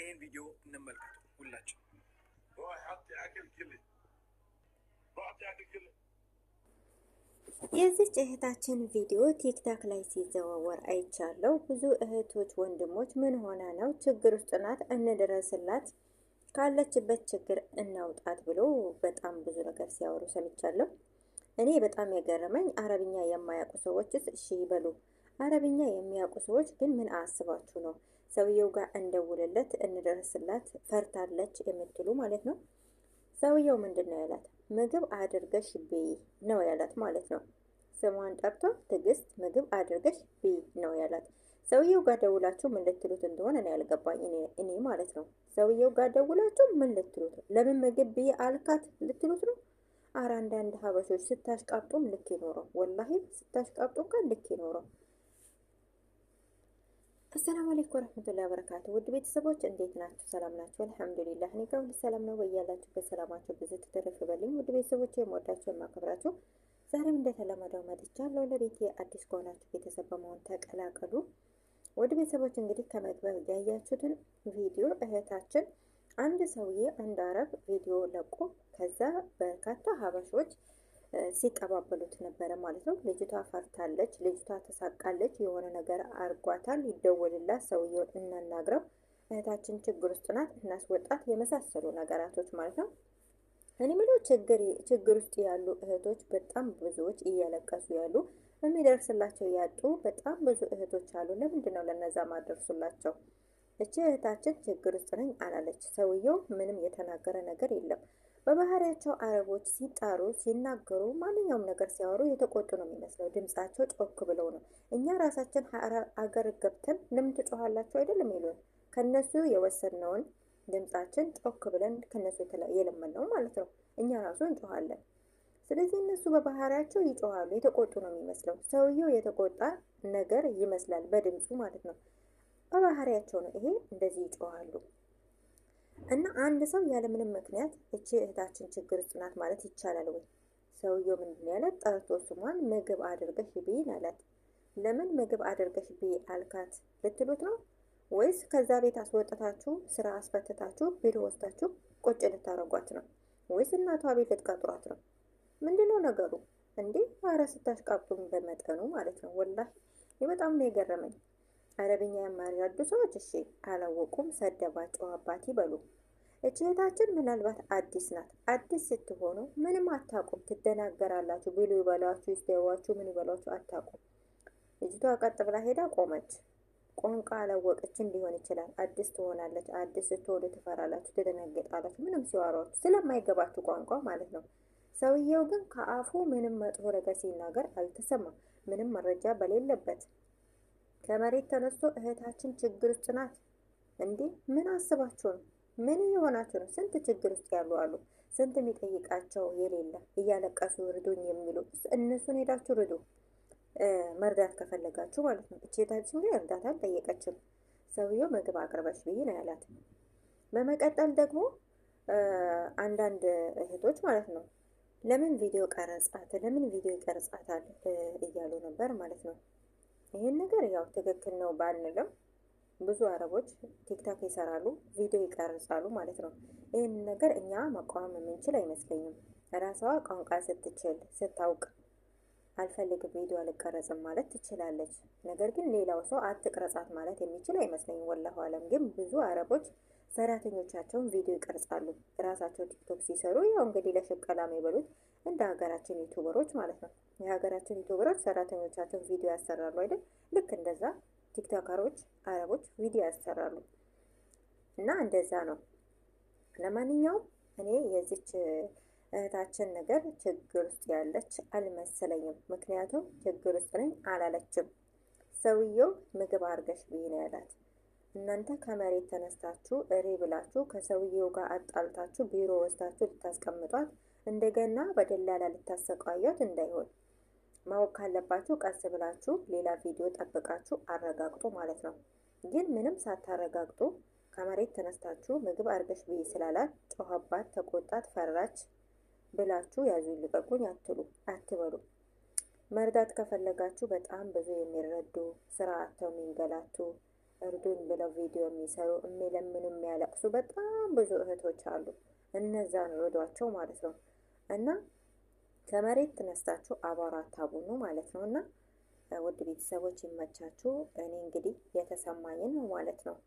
ይህን ቪዲዮ እንመልከቱ ሁላቸው። የዚች እህታችን ቪዲዮ ቲክታክ ላይ ሲዘዋወር አይቻለው። ብዙ እህቶች ወንድሞች፣ ምን ሆነ ነው ችግር ውስጥ ናት፣ እንድረስላት፣ ካለችበት ችግር እናውጣት ብሎ በጣም ብዙ ነገር ሲያወሩ ሰምቻለሁ። እኔ በጣም የገረመኝ አረብኛ የማያውቁ ሰዎችስ እሺ ይበሉ፣ አረብኛ የሚያውቁ ሰዎች ግን ምን አስባችሁ ነው ሰውየው ጋር እንደውልለት እንደረስላት ፈርታለች የምትሉ ማለት ነው። ሰውየው ምንድን ነው ያላት? ምግብ አድርገሽ ብይ ነው ያላት ማለት ነው። ስሟን ጠርቶ ትዕግስት ምግብ አድርገሽ ብይ ነው ያላት። ሰውየው ጋር ደውላችሁ ምን ልትሉት እንደሆነ እኔ ያልገባኝ እኔ ማለት ነው። ሰውየው ጋር ደውላችሁ ምን ልትሉት ለምን ምግብ ብይ አልካት ልትሉት ነው? አረ አንዳንድ ሀበሾች ስታሽቃብጡም ልክ ይኖረው፣ ወላሂ ስታሽቃብጡም ጋር ልክ ይኖረው። አሰላሙ አለይኩም ወረህመቱላሂ ወበረካቱ ውድ ቤተሰቦች እንዴት ናችሁ? ሰላም ናችሁ? አልሐምዱሊላህ እኔ ጋር ሁሉ ሰላም ነው። በያላችሁበት ሰላማችሁ ብዙ ትተረፍ በልኝ። ውድ ቤተሰቦች የምወዳችሁ የማከብራችሁ፣ ዛሬም እንደተለመደው መጥቻለሁ። ለቤቴ አዲስ ከሆናችሁ ቤተሰብ በመሆን ተቀላቀሉ። ውድ ቤተሰቦች እንግዲህ ከመግቢያው ያያችሁትን ቪዲዮ እህታችን አንድ ሰውዬ አንድ አረብ ቪዲዮ ለቆ ከዛ በርካታ ሀበሾች ሲቀባበሉት ነበረ ማለት ነው። ልጅቷ ፈርታለች፣ ልጅቷ ተሳቃለች፣ የሆነ ነገር አርጓታል። ይደወልላት፣ ሰውየውን እናናግረው፣ እህታችን ችግር ውስጥ ናት፣ እናስወጣት፣ የመሳሰሉ ነገራቶች ማለት ነው። እኔ ምለው ችግር ውስጥ ያሉ እህቶች በጣም ብዙዎች እያለቀሱ ያሉ የሚደርስላቸው ያጡ በጣም ብዙ እህቶች አሉ። ለምንድን ነው ለነዛ ማደርሱላቸው? እቺ እህታችን ችግር ውስጥ ነኝ አላለች። ሰውየው ምንም የተናገረ ነገር የለም። በባህሪያቸው አረቦች ሲጣሩ ሲናገሩ ማንኛውም ነገር ሲያወሩ የተቆጡ ነው የሚመስለው። ድምጻቸው ጮክ ብለው ነው። እኛ ራሳችን አገር ገብተን ለምን ትጮኋላችሁ አይደለም ይሉን። ከነሱ የወሰድነውን ድምጻችን ጮክ ብለን ከነሱ የለመነው ማለት ነው። እኛ ራሱ እንጮኋለን። ስለዚህ እነሱ በባህሪያቸው ይጮኋሉ። የተቆጡ ነው የሚመስለው። ሰውየው የተቆጣ ነገር ይመስላል በድምፁ ማለት ነው። በባህሪያቸው ነው ይሄ እንደዚህ ይጮኋሉ። እና አንድ ሰው ያለምንም ምክንያት እቺ እህታችን ችግር ውስጥ ናት ማለት ይቻላል ወይ? ሰውየው ምንድን ያለት ጠርቶ ስሟን ምግብ አድርገሽ ብይን አላት። ለምን ምግብ አድርገሽ ብይ አልካት ልትሉት ነው ወይስ ከዛ ቤት አስወጥታችሁ ስራ አስፈትታችሁ ቢሮ ወስዳችሁ ቁጭ ልታረጓት ነው ወይስ እናቷ ቤት ልትቀጥሯት ነው? ምንድነው ነገሩ እንዴ? አረ ስታሽቃብጡም በመጠኑ ማለት ነው። ወላሂ በጣም ነው የገረመኝ። አረብኛ የማይረዱ ሰዎች እሺ፣ አላወቁም ሰደባቸው አባት ይበሉ። እህታችን ምናልባት አዲስ ናት። አዲስ ስትሆኑ ምንም አታውቁም፣ ትደናገራላችሁ። ብሉ ይበሏችሁ፣ ይስደዋችሁ፣ ምን ይበሏችሁ አታውቁም። ልጅቷ ቀጥ ብላ ሄዳ ቆመች። ቋንቋ አላወቀችም ሊሆን ይችላል። አዲስ ትሆናለች። አዲስ ስትሆኑ ትፈራላችሁ፣ ትደነግጣላችሁ። ምንም ሲዋሯችሁ ስለማይገባችሁ ቋንቋ ማለት ነው። ሰውየው ግን ከአፉ ምንም መጥፎ ነገር ሲናገር አልተሰማም፣ ምንም መረጃ በሌለበት ከመሬት ተነስቶ እህታችን ችግር ውስጥ ናት እንዴ? ምን አስባችሁ ነው? ምን የሆናችሁ ነው? ስንት ችግር ውስጥ ያሉ አሉ። ስንት የሚጠይቃቸው የሌለ እያለቀሱ ርዱኝ የሚሉ እነሱን ሄዳችሁ ርዱ፣ መርዳት ከፈለጋችሁ ማለት ነው። እህታችን ግን እርዳታ አልጠየቀችም። ሰውየው ምግብ አቅርበሽ ብዬ ነው ያላት። በመቀጠል ደግሞ አንዳንድ እህቶች ማለት ነው ለምን ቪዲዮ ቀረጻት፣ ለምን ቪዲዮ ይቀርጻታል እያሉ ነበር ማለት ነው። ይህን ነገር ያው ትክክል ነው ባንልም ብዙ አረቦች ቲክታክ ይሰራሉ፣ ቪዲዮ ይቀርጻሉ ማለት ነው። ይህን ነገር እኛ መቃወም የምንችል አይመስለኝም። ራሷ ቋንቋ ስትችል ስታውቅ አልፈልግም ቪዲዮ አልቀረጽም ማለት ትችላለች። ነገር ግን ሌላው ሰው አትቅረጻት ማለት የሚችል አይመስለኝም። ወላሁ አለም ግን ብዙ አረቦች ሰራተኞቻቸውን ቪዲዮ ይቀርጻሉ። ራሳቸው ቲክቶክ ሲሰሩ ያው እንግዲህ ለሽቀላ ይበሉት እንደ ሀገራችን ዩቱበሮች ማለት ነው። የሀገራችን ዩቱበሮች ሰራተኞቻቸውን ቪዲዮ ያሰራሉ አይደል? ልክ እንደዛ ቲክቶከሮች አረቦች ቪዲዮ ያሰራሉ እና እንደዛ ነው። ለማንኛውም እኔ የዚች እህታችን ነገር ችግር ውስጥ ያለች አልመሰለኝም። ምክንያቱም ችግር ውስጥ ነኝ አላለችም። ሰውየው ምግብ አርገሽ ብዬ ነው ያላት። እናንተ ከመሬት ተነስታችሁ እሬ ብላችሁ ከሰውየው ጋር አጣልታችሁ ቢሮ ወስዳችሁ ልታስቀምጧት እንደገና በደላላ ልታሰቃያት እንዳይሆን ማወቅ ካለባችሁ ቀስ ብላችሁ ሌላ ቪዲዮ ጠብቃችሁ አረጋግጡ ማለት ነው። ግን ምንም ሳታረጋግጡ ከመሬት ተነስታችሁ ምግብ አርገሽ ብዬ ስላላት ጮኸባት፣ ተቆጣት፣ ፈራች ብላችሁ ያዙ ልቀቁኝ አትሉ አትበሉ። መርዳት ከፈለጋችሁ በጣም ብዙ የሚረዱ ስራ አተው የሚንገላቱ እርዱን ብለው ቪዲዮ የሚሰሩ የሚለምኑ የሚያለቅሱ በጣም ብዙ እህቶች አሉ። እነዛን ረዷቸው ማለት ነው። እና ከመሬት ተነስታችሁ አቧራ ታቡኑ ማለት ነው እና ውድ ቤተሰቦች ይመቻችሁ። እኔ እንግዲህ የተሰማኝን ማለት ነው